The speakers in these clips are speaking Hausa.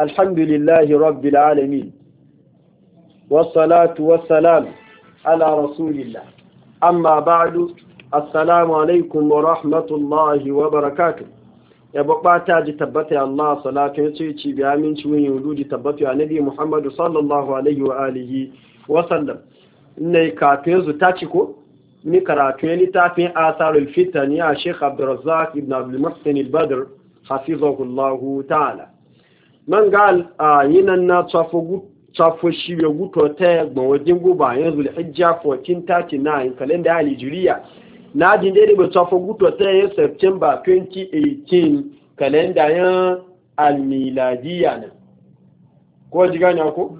الحمد لله رب العالمين والصلاة والسلام على رسول الله أما بعد السلام عليكم ورحمة الله وبركاته ya bukata ji tabbata Allah salatu ya ce ci bi ya nabi Muhammadu sallallahu alaihi wa alihi wa sallam ne kafin su ta ci ko ni karatu ya littafin asarul fitani a Sheikh Abdurrazzaq ibn badr hafizahullahu ta'ala man ga yinan na tsafo shirya guto ta gbawajin guba yanzu hijja 1439 kalenda alijiriya na jin daidai bai tsafo guto ta yin september 2018 kalenda yan almiladiya ne ko ji gani ako?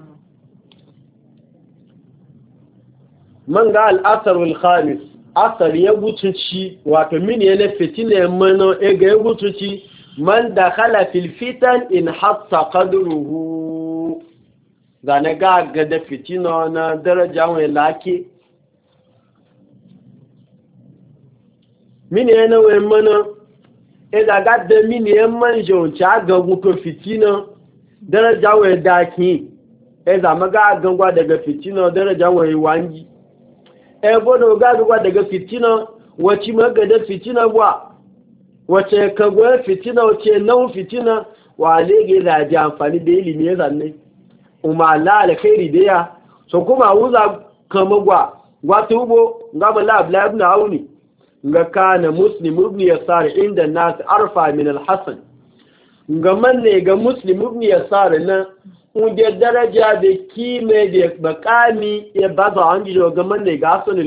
man ga al'asarul khamis asar ya gutuci wato mini ya na fitina ya mana ya ga ya gutuci man da halafil fitan in hatta kaduruhu zane ga gada fitina na daraja wani laki. mini yana wani mana ina e gada mini yan e manja wuce agagun to fitina daraja wani daki e zama ga agagwa daga fitina daraja wani wangi e bodo ga gwa daga fitina wacce magada fitina ba wace ka goya fitina wace nan fitina wa lege da ji amfani da ilimi ya zanne umma la alkhairi da ya so kuma wuza kama gwa wata hubo ga bala abla ibn auni ga kana muslim ibn yasar inda nas arfa min alHassan. hasan ga manne ga muslim ibn yasar na unje daraja da kime da bakami ya baza an ji ga manne ga hasan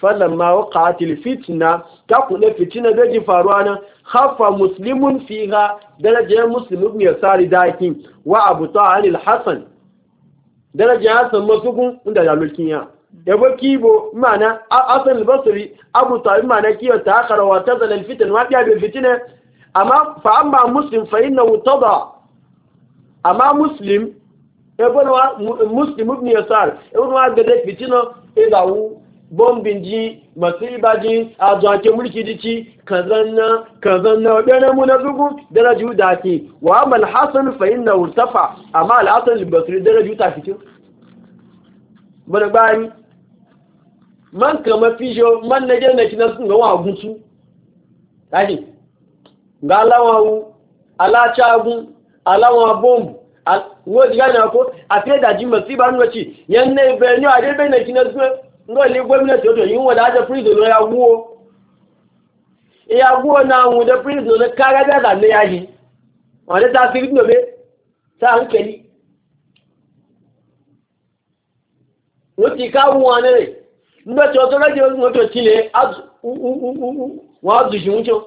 falamma waqa'atil fitna ta kula fitina da ji faruwa nan hafa muslimun fiha darajar Musulmi, ibn yasari dakin wa abu ta'anil Hassan darajar hasan masukun inda da mulkin ya yabo kibo mana asan basri abu ta'an mana kiyo ta akara wa tazal al fitan wa biya fitina amma fa amma muslim fa innahu tada amma muslim yabo wa muslim ibn yasar yabo wa ga da fitina idawu bombin ji masiba ji a zuwake mulki jiki kazan na kazan na wadannan mu na zugu daraju da ke wa amal hasan fahim na wurtafa amma al hasan da basri daraju ta fito bana bani man kama fijo man na gina kina sun ga wa gutu kaji ga alawawu ala alawawa bombu wo diga na ko afi da ji masiba nwaci yanne be ni ade be na kina zuwa ngole gwamnati to yin wada da prison ya guo e ya guo na mu da prison kaga da da ne ya wanda ta fi no be ta hankali wuti ka mu ne ndo to to raje mu to chile az wa zu shi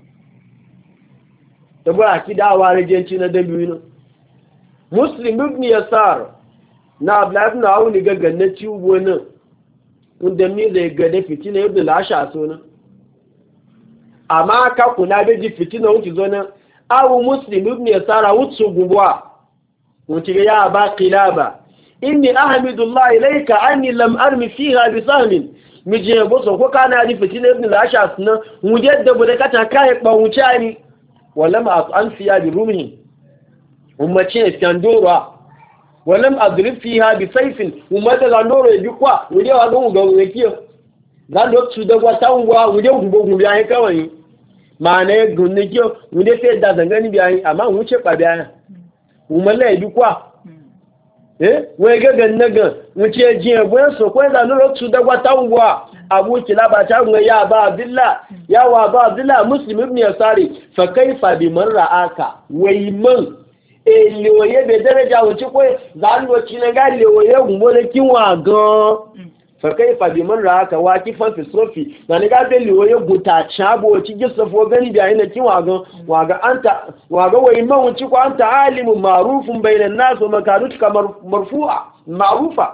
da bura ki dawa rajenci na dabiyu nan muslim ibn yasar na abdullahi na auni gaggan na ciwo nan inda ni zai da fitina yadda lasha so na amma ka kula da ji fitina wuce zo na. awu muslim ibn yasar wutsu gubwa wuce ya ba qilaba inni ahmidullahi ilayka anni lam armi fiha bi sahmin mije so ko kana ji fitina yadda lasha sunan wuje da ka kata kai ba wuce ni walam as'al fiha bi rumhi ummace tandora walam adrib fiha bi sayfin ummata gandoro yikwa wuje wa gun ga wekiyo gando su da kwa tangwa wuje gubo gumbi ayi kawai mane gunne kiyo wuje sai da zangani bi ayi amma bi Eh? wege ganna ga wuce jiya gwen so kwenda nuro tu da gwata ngwa abu ki laba ta ngwa ya ba abdilla ya wa ba abdilla muslim ibn yasari fa kaifa ra'aka wai man e le bai be dere ja wuce kwe za lo ki na ga le oye ngwo gan mm. fakai ra ka waki fafi sofi na ni gabe liwo ye guta cabo ci gisafo gani da ina ki waga waga anta waga wai ci ko anta alimu marufun nas nasu makarut kamar marfu'a marufa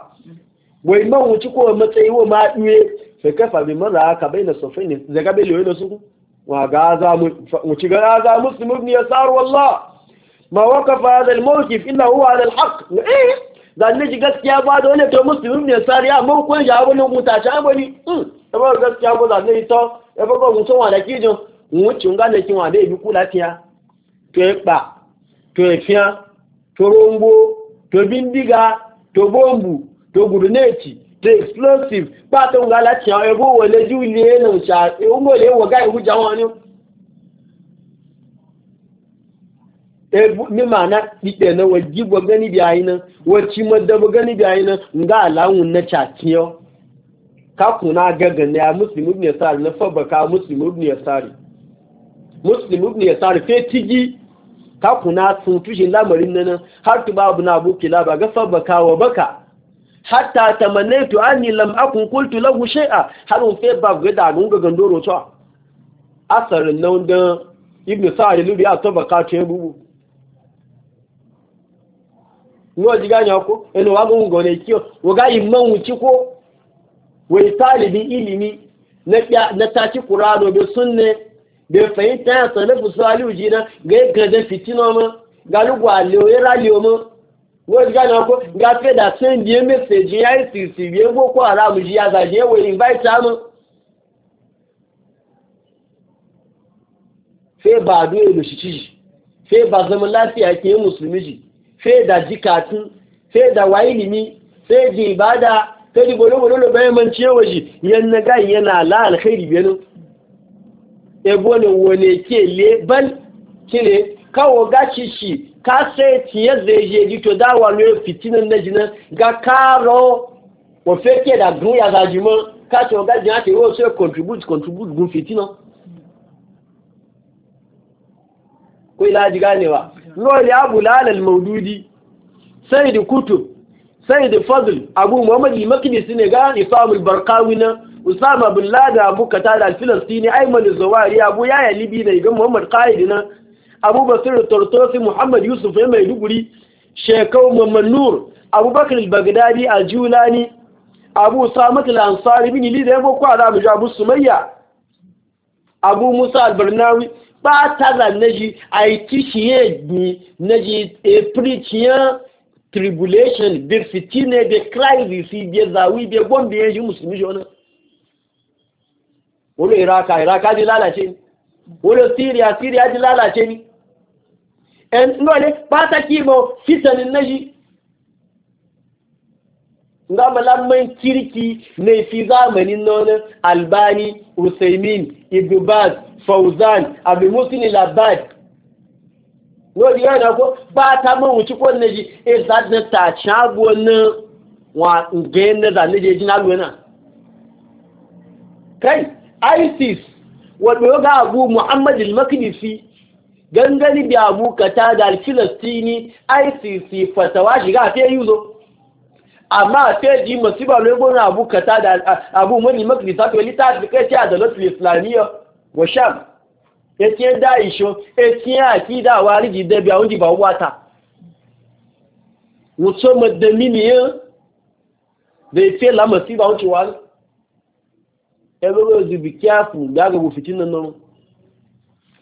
wai ci ko matsayi wa ma duye fakai ra ka bayna sofi ne da gabe liwo na suku waga za mu ci ga za muslimu ibn yasar wallah ma waqafa hada al-mawqif illa huwa ala al haq eh zanne shi gaskiya ba da wani to musulmi ne sari amma kun hmm, ya wani hukunta shi abani ta ba gaskiya ko zanne ita ya ba ko mutum wa da kijin wucin ga da kin wa da ibi kula tiya to ya pa to ya fiya to rombo to bindiga to bombu to guruneti to explosive ba to ga la tiya e bo wole ju ile na sha e ngo le wo ga ihu e mi mana ɗiɗɗe na waji ba gani biya yi nan wacce madda ba gani biya yi nan nga alawun na cakiyo ka kuna gagan ya muslim ne yasari na fabaka muslim ibn yasari muslim ne yasari fe tigi ka kuna sun tushe lamarin nan har tu babu na abu kila ba ga ka wa baka hatta tamannaitu anni lam akun qultu lahu shay'a har un fe ba ga da mun ga gandoro to asarin nan da ibn sa'id lubi a tabaka ce bubu nuwa ji gane ku ina wa gungun gane kiyo wa ga imman wuci ko wai talibi ilimi na taci kurano bai sunne bai fahimta ya sanafu salihu jina ga yi gajen fitina ma ga lugwa leoye raliyo ma nuwa ji gane ku ga fe da sun biye meseji ya yi sisi biye boko haram ji ya zaje wa invite mu fe ba duwe lo shi ci fe ba zaman lafiya ke musulmi ji sai da jikatu sai da wailimi sai da ibada sai da gwalo-gwalo da bayan manci waje. shi yana gai yana la alkhairi benin ebo ne wane ke lebal kile kawo gashi shi ka sai tiye zai je ji to dawa ne fitinan na jinan ga karo wafe ke da gun ya zaji man ka ce wa gajin ake yi wasu ya contribute contribute gun fitinan ko ilaji ganewa lori abu lalal maududi sai da kutub sai da fadl abu muhammad al sine ga isabul barqawi na usama bin lada abu qatada al ayman az-zawari abu yaya libi ne ga muhammad qaid na abu basir tortosi muhammad yusuf ya mai duguri shekau muhammad nur abubakar al-baghdadi al-julani abu samat al-ansari bin lida ya boko ala abu sumayya abu musa al-barnawi fataza neji aitishiye gbi neji eprichiyan tribulation be fitine be crisis be zawi be gombe yanzu musulmi jona wolo iraka iraka di lalace ni wolo syria syria di lalace ni en nole pata kibo fitanin neji nga malamman kirki ne fi zamanin nan albani usaimin ibubaz fauzan abu musulun labad no di na ko ba ta mun wuci ko na ji e za ta shago na wa da na za na je ji e na kai isis do ga abu muhammad al-makdisi gangani bi abu kata da al-filistini isis fatawa ga fe yuzo amma sai ji masiba ne gona abu kata da abu mani makrisa to lita da kai ta da lafil islamiyya wa sham yake da isho yake akida wariji da biya wuji ba wata wuce ma da da fe la masiba wuce wani everywhere you be careful da ga fitin nan nan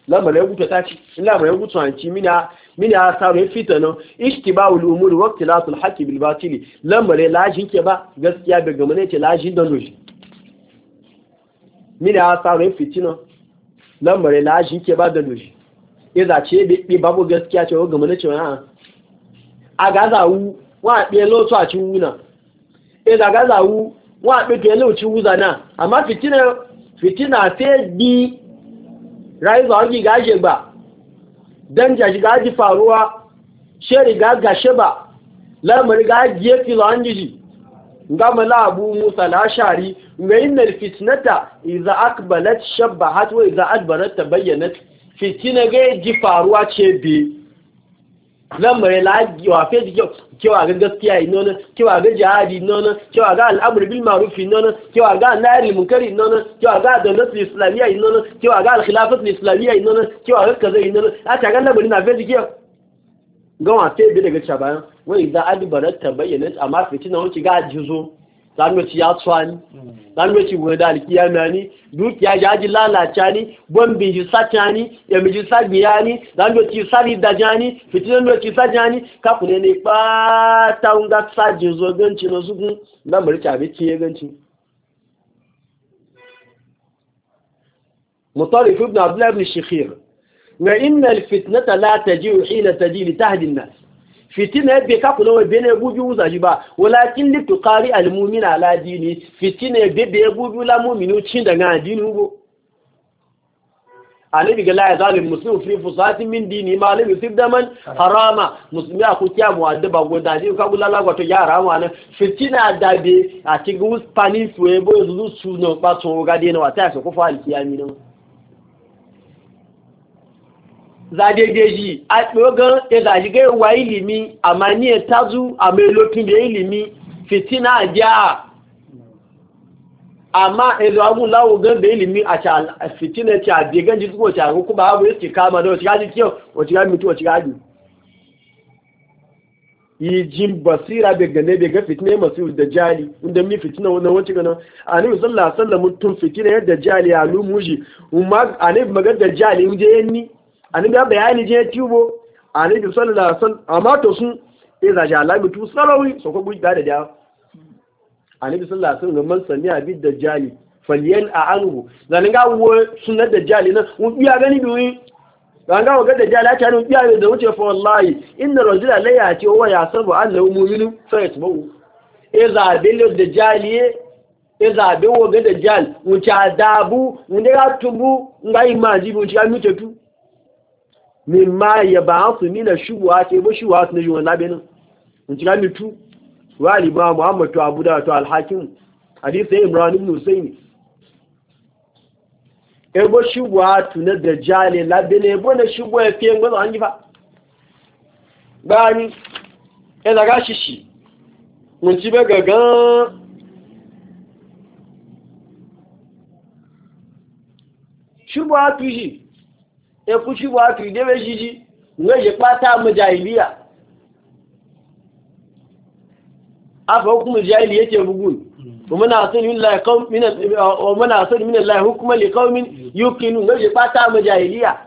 lamarin ya gutu ta ci lamarin ya gutu an ci mina min ya saru ya fita nan ishtiba ul umur wa ikhtilatul haqqi bil batili lamare lajin ke ba gaskiya bai gama ne ce lajin don loji min ya saru ya fitina lamare lajin ke ba da loji iza ce bi babu gaskiya ce wa gama ne ce wa a gaza wu wa bi lotu a cin wuna iza gaza wu wa bi ke lotu wuza na amma fitina fitina sai bi rai zo ga je ba don jashi ga ji faruwa shari ga gashe ba lamari ga gefe zuwan jiji gama labu musa lashari ga inar fitnata iza akbalat shabba hatuwa iza akbalat ta bayyana fitina ga ji faruwa ce biyu lambarai lagi wa fe jiyo kewa ga gaskiya yi nono kewa ga jihadi nono kewa ga al'amur bil ma'rufi nono kewa ga nari munkari nono kewa ga dawlatul islamiyya yi nono kewa ga al-khilafatul islamiyya yi nono kewa ga kaza yi nono a ta ga lambarai na fe jiyo gan wa fe bi daga cabayan wani za a dubara tabayyanat amma fitina wuce ga jizo zanwaci ya tsuwa ni hmm. zanwaci wani da alkiya na ni dukiya ya ji lalace ni bombin ji sata ni yami ji sabiya ni zanwaci sari da ja ni fiti zanwaci saja ni kakune ne kpata nga sajin zo ganci na zugun na marita abin kiye ganci mutarif ibn abdullahi ibn shikhir na inna alfitnata la taji'u hina taji li hadin nas fitina yabbe ka kula wai bene gubi uza ji ba walakin li tuqari al mu'mina ala dini fitina yabbe be gubi la mu'minu cin da ga dini ugo annabi ga gala ya al muslimu fi fusatin min dini ma lam yusib daman harama muslimi a ku kiya mu'addaba go da ji ka gula la gwato ya harama nan fitina da be a cikin spanish webo zuzu suno ba to ga dena wa ta so ku fa al kiyami nan zadedeji a tsogon ezajigai wa ilimi a maniyar tazu a mai lokin da ilimi fitina ja amma ezagun lawogon da ilimi a fitina ce a began jisu wace a kuma abu ce kama da wace gaji kiyo wace gaji mutu wace gaji jin basira bai gane da ga fitina masu da jali inda mi fitina wannan wacce gana a sallallahu alaihi wasallam mutum fitina yadda jali ya lumuji a annabi magar da jali inda yanni anibi bayani je tubo anibi sallallahu alaihi wasallam amma to sun iza eh, jalabi tu sarawi so ko gudda da da anibi sallallahu alaihi wasallam man sami abid dajjali falyan a'anhu zan ga wo sunan dajjali na mun biya gani bi zan ga ga dajjali ta nun biya da wuce fa wallahi inna rajula la ya ce wa ya sabu annahu mu'minu fa yatbu iza e bil dajjali iza e bi wo ga dajjal mun ta dabu mun da tubu ngai maji mun ta mutetu ma ya ba su mina shubuwa ce ba shubuwa su na yi wani labinin in cika mitu wa liba muhammad to abu da to alhakim hadisa imran ibn e ebo shubuwa tu na labinin e ebo na shubuwa ya fiye gwazo an yi ba ni ya daga shishi mun ci bai gagan shubuwa tu shi ekushi wa tu idewe jiji ngeje pata mujahiliya afa hukumu jahiliya ce bugun ومن أحسن من الله قوم من ومن أحسن من الله حكما لقوم يوقنون نجي باتا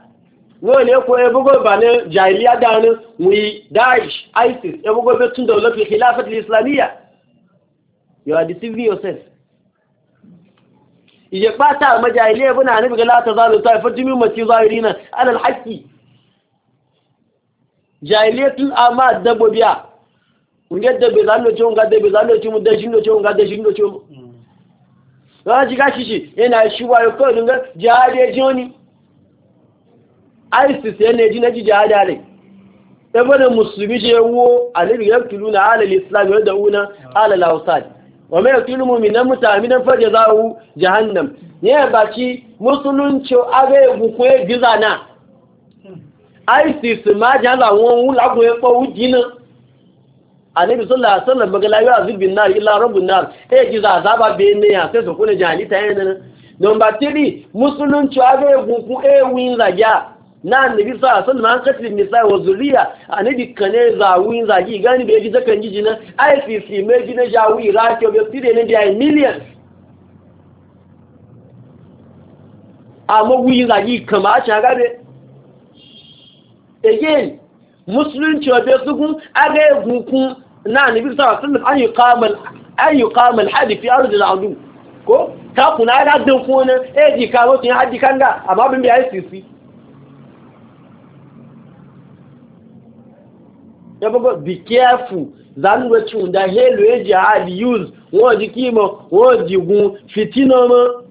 wọ́n yẹ kó ẹgbogbo ìbànú jàìlíà wí isis ẹgbogbo e ẹgbẹ́ tún dọ̀lọ́pì khilafat islamiyya you are deceiving yourself ya bata majahiliya buna nabi ga la ta zalu ta fa jimin nan zahirina ala alhaqi jahiliyatul amma dabobiya da bai zalo ce unga dabe zalo ce mu da shindo ce unga da shindo ce mu ji gashi shi yana shi wayo kawai dunga jihadi wani ISIS yana ji na ji jihadi a rai da musulmi shi wuwo a alibi yaktuluna ala al-islam wa yad'una ala al-awsad wa mai yaƙi lumumi na mutane don farge za wu jahannam ya baci musulunci aga egwukwu egiza na isis ma ji hala wọn wula agwọ ẹkpọ wuji na anabi sallallahu alaihi wasallam magala yau azib bin nar ila rabbun nar e giza azaba be ne ya sai su kuna jahili ta yana number 3 musulunci aga egwukwu ewin zagiya na annabi sa sallallahu alaihi wasallam nisa wa zuriya annabi kane yin zagi gani bai ji zakan ji na ICC me ji na jawi rakio be tire ne dia million amma wuyin zagi kama a shaga be again musulunci wa bai sugun aga egunkun na annabi sa sanda an yuqamal an yi hadi fi ardi al ko ta kuna ga dun kuna e ji ka mutun hadi kanga amma bin bi ICC ya bago be careful wetin da helu eji hard use won di kimo won di gun fitina mo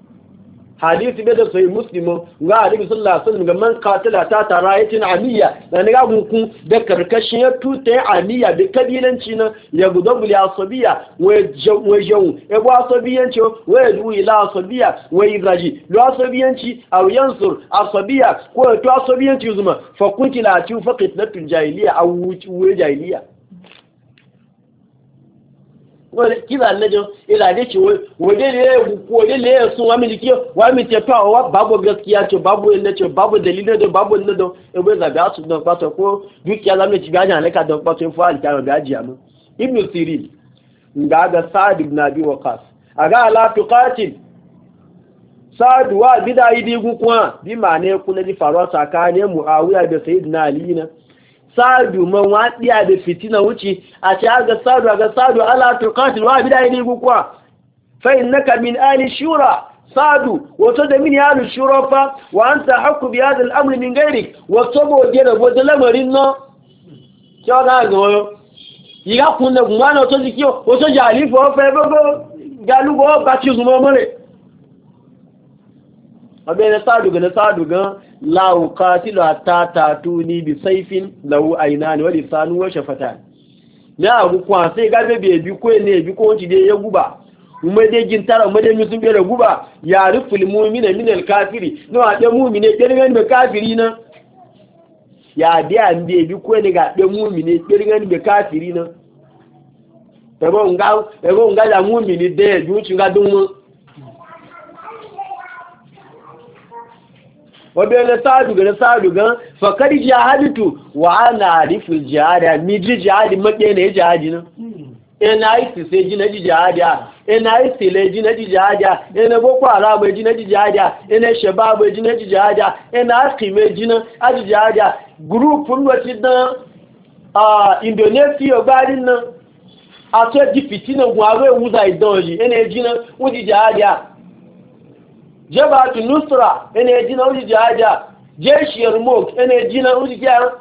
hadisi bai da sai muslimo ga alibi sallallahu alaihi wasallam man qatala ta tarayatin amiya da ni ga gunku da karkashin ya tuta amiya da kabilanci na ya gudo bul asabiya wai jau e bu asabiyanci wai du ila asabiya wai ibraji do asabiyanci aw yansur asabiya ko to asabiyanci zuma fa kunti la tu faqit latul jahiliya aw wuce jahiliya kíbà lẹ́jọ́ ìlàdé tí wòdé lè wùkú wòdé lè ẹ̀sùn wàmí ní kí wàmí tẹ pa ọwọ́ bàbò gẹ́kíyà tí bàbò ilẹ̀ tí bàbò dẹ̀lí lẹ́dọ̀ bàbò lẹ́dọ̀ ewé zàbí àtúndàn pàtó kó dúkìá lámì tí gbájà dán pàtó fún bí àmú. ibnu siri wakas aga wa bida bi ma ne kuna ji da na sadu man wadiya da fitina wuce a ce aga sadu aga sadu ala tuqatil wa bi dai yi gukwa fa innaka min ali shura sadu wato da min ali shura fa wa anta hakku bi hada al-amr min gairik wato bo je da bo lamarin no kyo da go yi ga kun da gumana to jikiyo wato jalifo fa gogo galugo ba ci zumo mare abe na saduga na saduga a ta hatta tatuni bi sayfin lahu aynani wa lisanu wa shafatan na agu kwa sai ga be bi ko ne bi ko dai ya guba umma de jin tara umma de bai da guba ya riful mu'mina min al kafiri no a de mu'mine kirgan be kafiri na ya de an be bi ko ne ga de mu'mine kirgan be kafiri na ebo nga ebo nga la mu'mini de ju ga dumu wabe na sadu ga na sadu gan fakar jihaditu wa ana rifin jihadi mi ji jihadi maƙe na ya jihadi nan NIC sai ji na ji jihadi a NIC le ji na ji jihadi a ina boko haram e ji na ji jihadi e a ina shabab ji na ji jihadi a ina akime ji na aji jihadi a gurupun wacce na a Indonesia gbarin nan a to ji fitina gwawe wuza idan ji ina ji na wuji jihadi a jabatu nusra ene jina uji jaja jeshi ya rumok ene jina uji jaja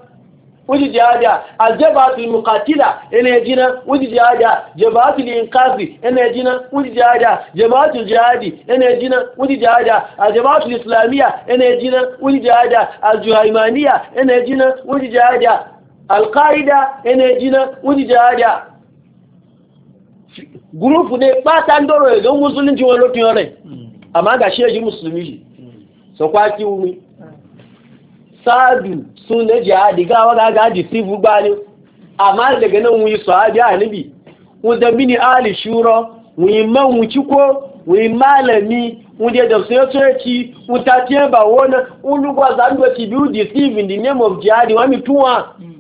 uji jaja aljabatu mukatila ene jina uji jaja jabatu linqazi ene jina uji jaja jabatu jihadi ene jina uji jaja aljabatu islamia ene jina uji jaja aljuhaimania ene jina uji jaja alqaida ene jina uji jaja gurupu ne pata ndoro ga musulunci wani lokin yare amma ga shi yaji musulmi shi so kwaki umi sadu su ne jihadi gawa ga ga di sifu gbani amma daga nan wuyi sahabi anibi wanda mini ali shura wuyi man wuci ko wuyi malami wunde da sai wuta wutatiye ba wona ulugwa zanduwa ti biyu di sifu in the name of jihadi wa mituwa mm.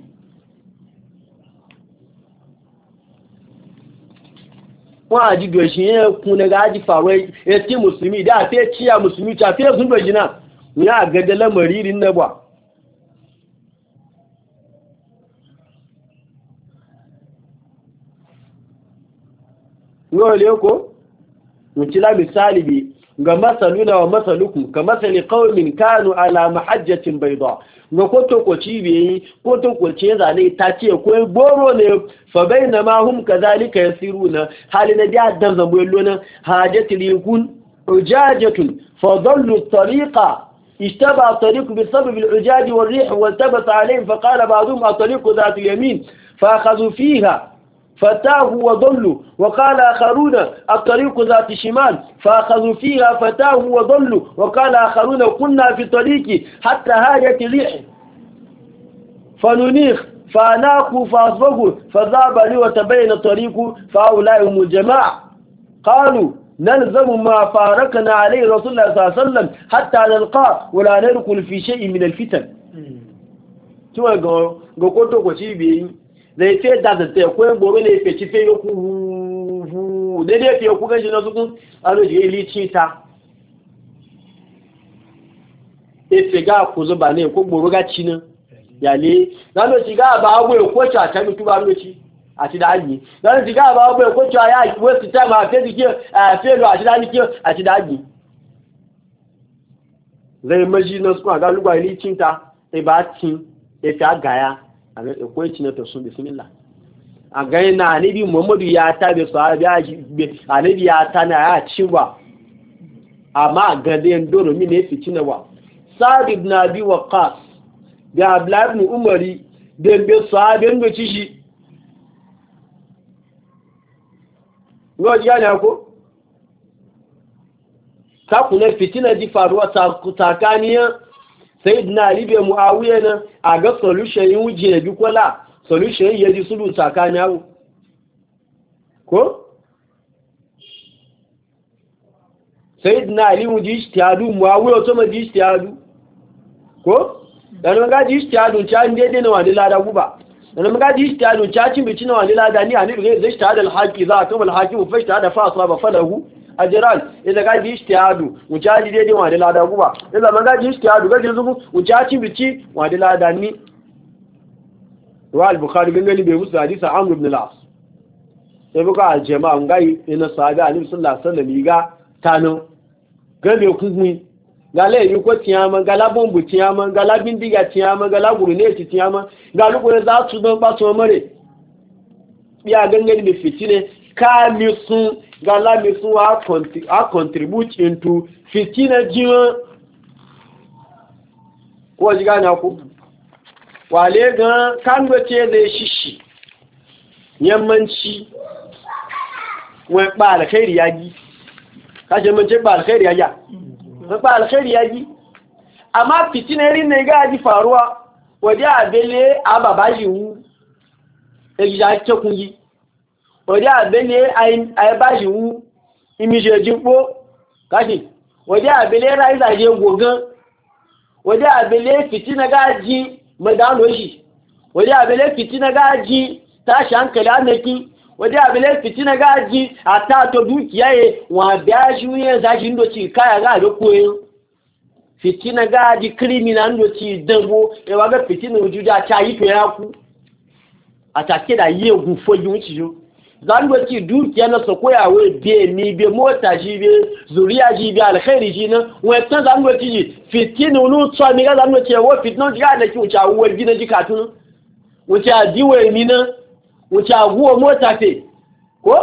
wọ́n àjígbèṣì yẹn kun nẹ́gà àjí fàwọ́ ẹtí mùsùlùmí ìdá àti ẹtíyà mùsùlùmí tí a fi ẹ̀sùn gbèjì náà ní àgẹ́dẹ́ lẹ́mọ̀ rírí nẹ́bọ̀ ní ọ̀lẹ́ ga masaluna wa masalukum ka masali qaumin kanu ala mahajjatin bayda ga koto ko cibiyi koto ko ce zane ta ce ko goro ne fa bainama hum kadhalika yasiruna halina da dan zambo lona hajatil yakun ujajatun fa dhallu tariqa اشتبع الطريق بسبب العجاج والريح والتبس عليهم فقال بعضهم الطريق ذات اليمين فأخذوا فيها فتاه وضلوا وقال آخرون الطريق ذات الشمال فأخذوا فيها فتاه وضلوا وقال آخرون كنا في الطريق حتى هاجت الريح فننيخ فأناقوا فأصبقوا فذاب لي وتبين الطريق فهؤلاء هم الجماعة قالوا نلزم ما فارقنا عليه رسول الله صلى الله عليه وسلم حتى نلقى ولا نركن في شيء من الفتن na ife dazata ekwe gboro na ife chife yokwu wuuu dede efe ekwu ganji n'ọtụtụ alụji ili chita efe ga akwụzọ ba ne ekwe gboro ga china yale na lochi ga ba aba agwọ ekwecha acha mituba lochi àti dáàjì lọ́nà ti gáàbà ọgbọ́ ìkójọ ayá ìwé a tẹ́mà àfẹ́dì kí àfẹ́lò àti dáàjì kí àti dáàjì lẹ́yìn méjì náà sún ga ilé ili ń ta ẹbá tí ẹfẹ́ àgáyá a ga kwai cinye ta sun bismillah a gani na alibi muhammadu ya ta bai sahabi alibi ya ta na ya ci ba amma a gadin doro mini ya fi cinye ba sa'ad ibn abi waqas da abdullahi ibn umari da bai sahabin da ci shi yau ya yana ko ta kuna fitina ji faruwa tsakaniyar na ali bai awuye na a ga solution yin wuje bi kwala solution ya ji sulu tsakanin awu ko sayyidina ali mu ji ijtihadu muawiya to ma ji ijtihadu ko dan maga ji ijtihadu cha ndi de na wani lada guba dan maga ji ijtihadu cha cin bici na wani lada ni ani bi zai ijtihadu da haqi za a ta mu fashi ta ijtihada fa asaba falahu ajiran ila ga ji ishtihadu wuce ji daidai wa da lada guba ila ma ga ji ishtihadu ga jirzugu wuce ci bici wa da lada ni ruwa al-bukhari gangani bai musu hadisa amr ibn al-as sai buka al-jama'a ngai ina sahabi alim sallallahu alaihi wasallam ga tano gabe kungun gala yi ko tiyama gala bombu tiyama gala bindiga tiyama gala guruneti tiyama gala kure za su don ba su mare ya gangani bai fitine kamisun ga lami sun a contribute into fitina jiran ko ji gane ku wale gan kangwace zai shishi yammanci wa ba alkhairi yagi kashe mance ba alkhairi yagi ba alkhairi yagi amma fitinari ne ga ji faruwa waje abele ababaji wu ejija kekun yi ọdí àbẹ́lẹ̀ àìbáṣìwú imiṣẹ́ jípó káṣì ọdí àbẹ́lẹ̀ ráìsà jẹ gbogán ọdí àbẹ́lẹ̀ fìtínagájí mẹ́dánlóṣì ọdí àbẹ́lẹ̀ fìtínagájí táṣàǹkẹ̀lẹ̀ ánẹ́kí ọdí àbẹ́lẹ̀ fìtínagájí àtàtọ̀ dúkìáyẹ wọn àbẹ́ fitina gaji krimina ndo ci dambo e waga fitina wujuda ta yi to ya ku a take da yi egun fogi wuci yo zango ci dukiya na so koya we be ni be mota ji be zuriya ji be alkhairi ji na we tan zango ci fitin ulu tso mi ga zango ci wo fitno ji ga da ki ucha wo ji na ji ka tun wuce ji we mi na wuce wo mota fe ko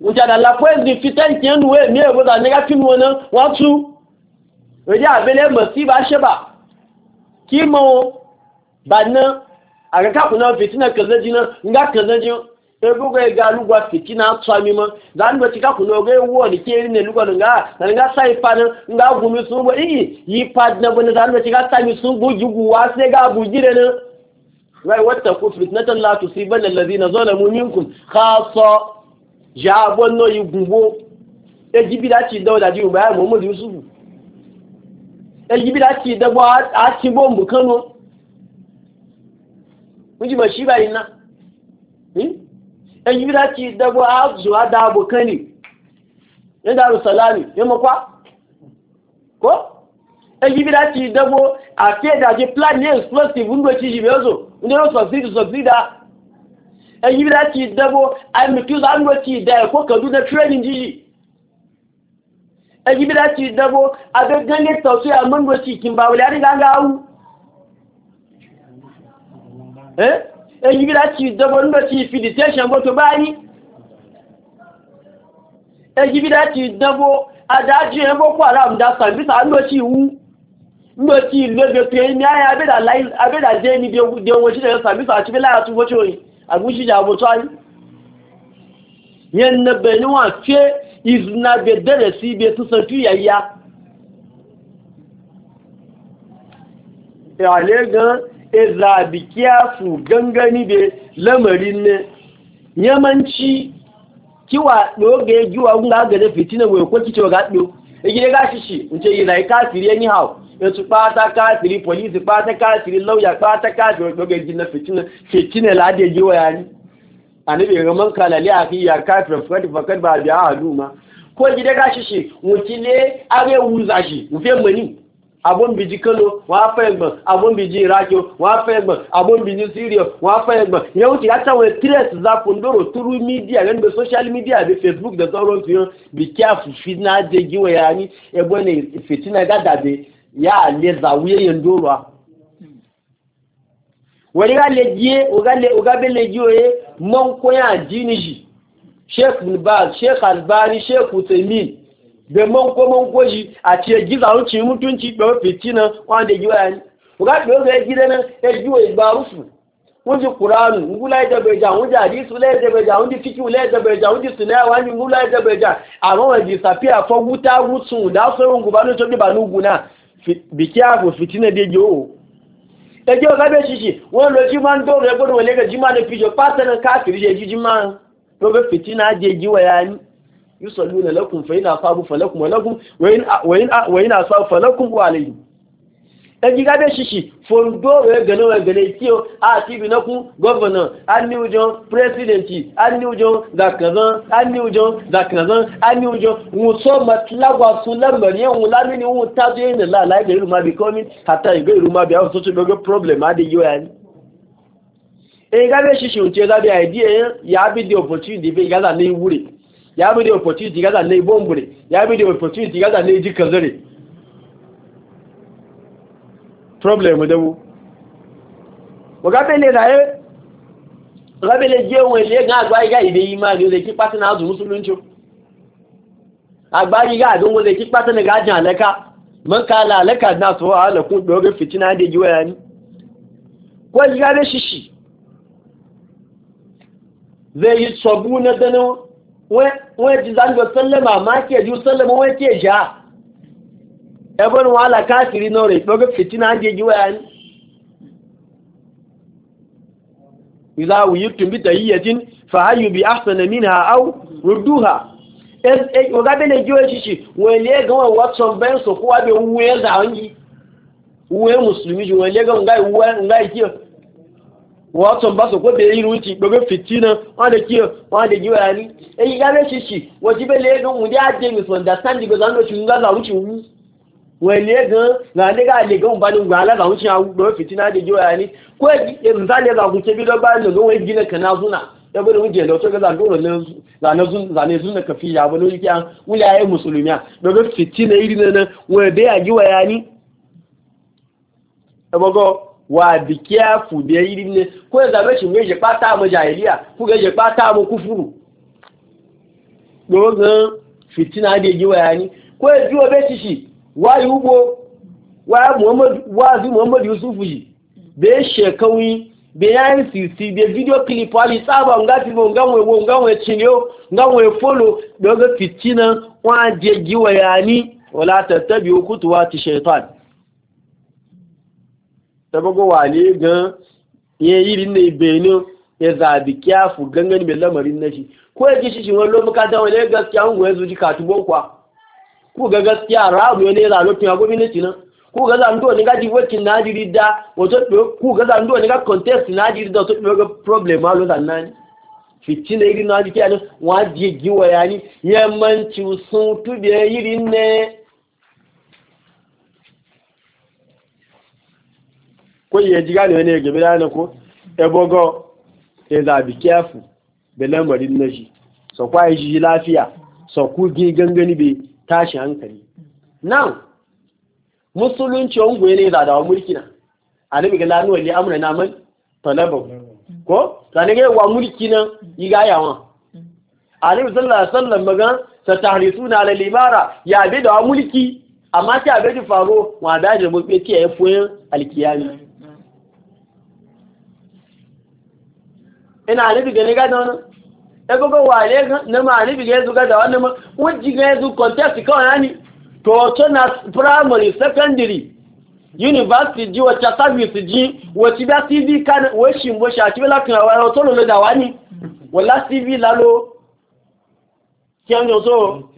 wuce da la pues di fitan ki en we mi e go da ne ga fin wona wa tu we ja bele mo si ba sheba ki mo ba na aga ka kuna fitina kaza ji na nga kaza ji ebuga ga lugwa fiti na tsa mima zan do tika kuno ga wo ni ke ne lugwa nga nga sai pa nga gumi su bo yi yi pa na bo zan do tika ta mi su bu jugu wase ga bu jire ne wai wata ku fitnatan la tusibanna allazina zalamu minkum khassa ja bo no yi gumbo e jibi da ci da ji ba mu mu yusufu e jibi da ci da ba a ci bombu kano mun ji ma shi ba ina hmm ẹjú láti dẹ́gbọ́ ààzùwá dáàbò makwa, ko dárùsàlámì ní mọ́kwá kó ẹjú da dẹ́gbọ́ àti ẹ̀dàjí plan ní explosive ń gbé ṣíṣì mẹ́ọ̀zọ̀ da ó sọ̀sídì sọ̀sídà ẹjú láti dẹ́gbọ́ àmìkúzà ń gbé ti ìdá ẹ̀kọ́ kẹ̀lú ní training jíjì ẹjú láti dẹ́gbọ́ abẹ́gẹ́lẹ́ tọ̀sí àmọ́ ń ga ti ìkìmbàwẹ̀lẹ́ eh? ẹ̀yí bí láti ìdọ́bọ̀ nígbà tí ìfìdí tẹ́ṣẹ̀ bó tó bá ní eh, ẹ̀yí bí láti ìdọ́bọ̀ adájú ẹ̀ boko haram dá sàbísà nígbà tí ìwú nígbà tí ìlọ́gbẹ̀ pé ní ayé abẹ́dàjẹ́ ní dẹwọ́n sílẹ̀ gan-an iza bikiya su gangani da lamarin ne yamanci kiwa doge giwa ga ga da fitina wai ko kice ga do igire ga shishi unce yi lai kafiri yani hawo yasu pata kafiri police pata kafiri lawyer pata kafiri doge jinna fitina fitina da giwa yani anabi ga man kalali akhi ya ba biya ko gide ga shishi wuci are wuza shi mani abun biji kano wa fa ẹgbọn abun biji iraqio wa fa ẹgbọn abun biji syria wa fa ẹgbọn ìyẹn ó ti yá táwọn tírẹ̀sì zakundoro turu mídíà lẹ́nu bẹ social media bẹ facebook dẹ̀ tọrọ fi hàn bí kí àfùfí náà dé jíwẹ̀ yá ní ya ní fìtínà gàdàbẹ̀ yá àlẹ́ zàwúyé yẹn dóró a. wọ́n ní ká lè jíé ọ̀gá bẹ́ẹ̀ lè jí òye mọ́ńkóyà jíníṣì sheikh nubaz da manko manko shi a ce giza wuce mutunci da fiti nan wanda giwa ya ni kuka ɗi wanda ya gida nan ya giwa ya ba ji wunji kuranu ngula ya dabe ja wunji hadisu la ya dabe ja wunji fiki la ya dabe ja wunji sunaya wani ngula ya dabe ja amma wani safiya fo wuta gutsu da sauran gubanu to ba nuguna biki abu fitina da giwo ẹjẹ́ ọ̀gá bẹ́ ṣíṣì wọ́n lọ jí máa ń man ẹgbọ́n wọlé gẹ̀ jí máa ní fíjọ pátánà káàkiri jẹ́ jí jí máa ń lọ́bẹ̀ fìtínà jẹ́ jíwẹ̀ ya ní yusalluna lakum fa ina sabu falakum wa lakum wa in wa ina sabu falakum wa alayhi ẹjí gádé ṣíṣì fòndó rẹ̀ da gẹ̀lẹ́ tí ó àti ìbìnakú gọ́vọ̀nà aníwùjọ pírẹsidẹ̀ntì aníwùjọ dàkànzán aníwùjọ dàkànzán aníwùjọ wùn sọ mọ̀tíláwàsún lẹ́mọ̀rí ẹ̀hùn lámìnì wùn tájú ẹ̀yìn láàláìgbẹ̀ ìrùmọ̀ àbí kọ́mí àtà ìgbẹ̀ ìrùmọ̀ àbí àwọn tó tún gbogbo problem adé de ẹni èyí gádé ṣíṣì òun ti wure. ya bi da opportunity gaza ne bombu ne ya bi da opportunity gaza ne nayi jikan zare problem da mu waga ne da ye waga pele je won le ga agba ga ide imani o le ki patina azu musulunci agba ga don wo le ki patina ga jan alaka man la alaka na so ala ku dogo fitina da jiwa ni ko ji ga da shishi zai yi sabu na danu wọ́n ti zanjọ sallama ma ke ju sallama wọ́n ke ja ẹbọn wọn ala káàkiri náà rẹ̀ ìpọ́gẹ́ fìtínà á jẹjú wáyà ní ìlà wùyí tùmbí tàyí yẹ tín fàáyù bí àṣànà mí ha áwù rúdú ha ọgábẹ́lẹ̀ jí ó ṣíṣì wọ́n ilé gan wọn wọ́n tọ́ bẹ́ẹ̀ sọ fún wábẹ̀ wúwẹ́ zàwọn yìí wúwẹ́ mùsùlùmí ju wọ́n ilé gan wọn gáì wúwẹ́ wọ́n bá sọ̀kọ́ bẹ̀rẹ̀ irú ti gbogbo fìtínà wọ́n lè kí wọ́n lè yíwá ní èyí yá lè wọ́n ti bẹ̀rẹ̀ ẹ̀dùn dé àjẹ́ misunderstanding gbogbo àwọn oṣù oṣù wú wọ́n lè gan lè gan alága oṣù àwọn gbogbo lè kó lè ka wa bi careful da yi ne ko ya zabe shi mai jekpa ta mu jahiliya ko ta mu yi waya ko ya juwa be shi wa sabago wale gan ya yi rin ne benin ya zabi kyafu gangan mai lamarin na shi ko ya kishi shi wani lomuka ta wani gaskiya hungu ya zuji katubo kwa ko ga gaskiya yana rabu ne ya zalotun ya gwamnati nan ko ga zan do wani ga di wetin na jiri da wato ko ga zan do wani ga contest na jiri da wato ga problem ma alo dan nan fitin ne irin na jiki ano wa je giwa yani yammanci sun tube irin ne ko iya ji gane wani gabe da na ko ebogo ya bi kefu da lamarin na shi sau kwa yi lafiya so ku gi gangani bai tashi hankali nan musulunci gwe ne za da mulki na alimi ga lanu wali amuna na man talaba ko zane ga wa mulki na yi yawa alimi sallallahu wasallam magan sa tahrisuna ala libara ya bi da wa mulki amma ta bai faro wa dajin mulki ti ya fuyin alkiyami ina alibi gani gada wani e ya gogo wale na ma alibi ga yanzu gada wani ma wujji ga yanzu contest kawai yani to to na primary secondary university ji wacce service ji wacce da cv kan washi mo sha ti la kan wa to lo da wani wala cv lalo kian so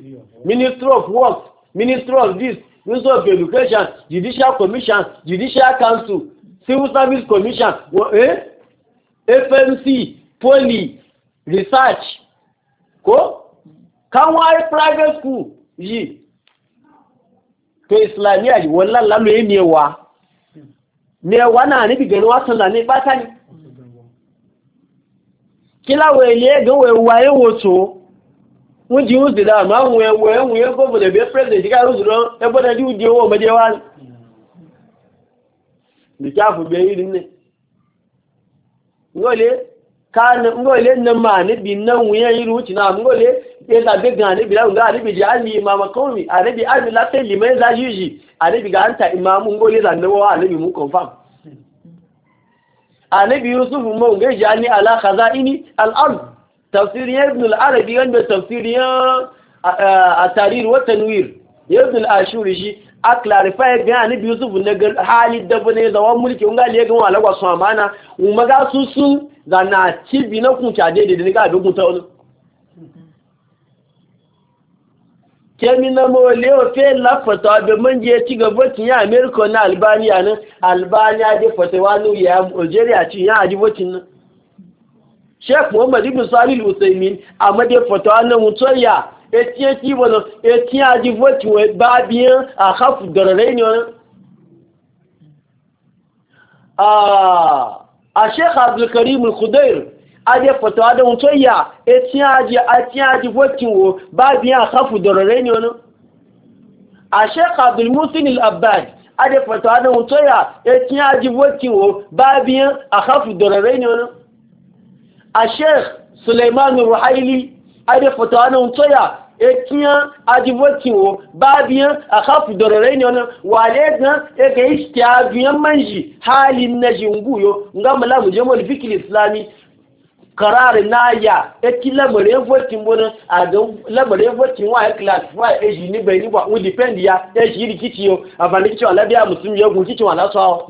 minister of works minister of this minister of education judicial commission judicial council civil service commission eh fmc poly research ko kanwari private school yi to islamiyya yi wannan lamu yi newa newa na ni bi gani wasan zane bata ni kila wele ga wewaye woto wọ́n jí ń zìdá àmà àwọn ẹwọ president ụdị ngole kan ngole na ma ni bi nan wuya yi ruci na ngole ya e da bi gan ni bi la ga ni bi ja ni imam qawmi arabi arabi la li liman za e yiji bi ga anta imamu ngole da ne wa bi mu confirm bi yusuf mo nge ja ni ala khazaini al ard tafsir ibn al arabi wanda tafsir ya a tarir wa tanwir ibn al ashuri shi a clarify biya biyu yusuf na hali dabu ne zawa mulki unga liye gan wala gwasu amana un maga susu da na cibi na kun cade da ni ga bi kun ta onu kemi na mo leo fe la fata be manje ci gaba ti ya america na albania ne albania de fata wanu ya algeria ci ya aji votin na sheikh muhammad ibn salih al-usaymin amade fata na mutoya etie ki bono etie aji vote we ba bien a khafu darare ne wannan ah a sheikh abdul karim al-khudair aje fatawa da mutoya etie aji etie a vote wo ba bien a khafu darare ne wannan a sheikh abdul musin al-abbad aji vote wo ba bien a khafu darare ne a sheikh suleiman ruhaili aje fatawa da mutoya ekiya ajivotiwo babiyan a kafu dororai ne wannan wale gan ya ga ishtiyabiyan manji halin na jinguyo nga mala mu jamal fikil islami karar na ya eki lamarin votin bonin a ga lamarin votin wa classify e, e ji ni bai ni ba u depend ya e ji ni kici yo afani kici wala biya musulmi ya gun kici wala so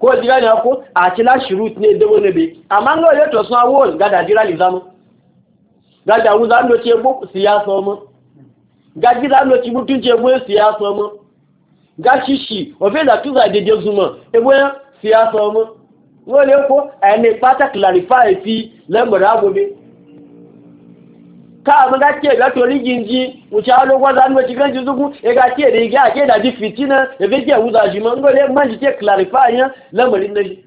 ko diga ne a ci la shurut ne dabo ne be amma ngo yeto so awol gada dira lizamu gaja wuza zan doce bu siyasa mu gaji zan doce mutunce bu siyasa mu gashi shi ofe da tuza de jezuma ebo siyasa mu wole ko ene pata clarify fi lembar agobe ka mu ga ke ga to liginji mu cha lo kwa zan doce ganji zugu e ga ke de ga ke da ji fitina e be ke wuza ji mu ngole manji ke clarify ya lembarin da shi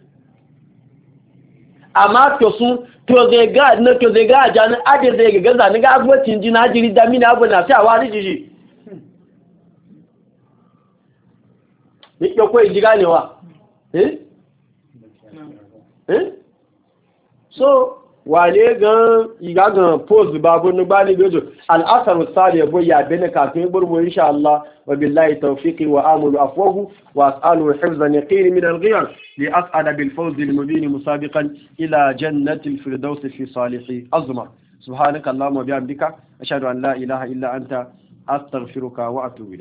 amma to su to zai ga na to zai ga ja na ade zai ga gaza ni ga agwacin ji na jiri da mina abu na sai wa riji shi ni ke koyi ji ganewa eh eh so wale gan iga gan post babu nu bani gojo al'asar sali bo ya bene kafin burmu insha Allah wa billahi tawfiqi wa amulu afwahu wa as'alu hifzan yaqin min al-ghiyar li as'ada bil fawz al mubin musabiqan ila jannati al firdaus fi salihi azma subhanaka allahumma bihamdika ashhadu an la ilaha illa anta astaghfiruka wa atubu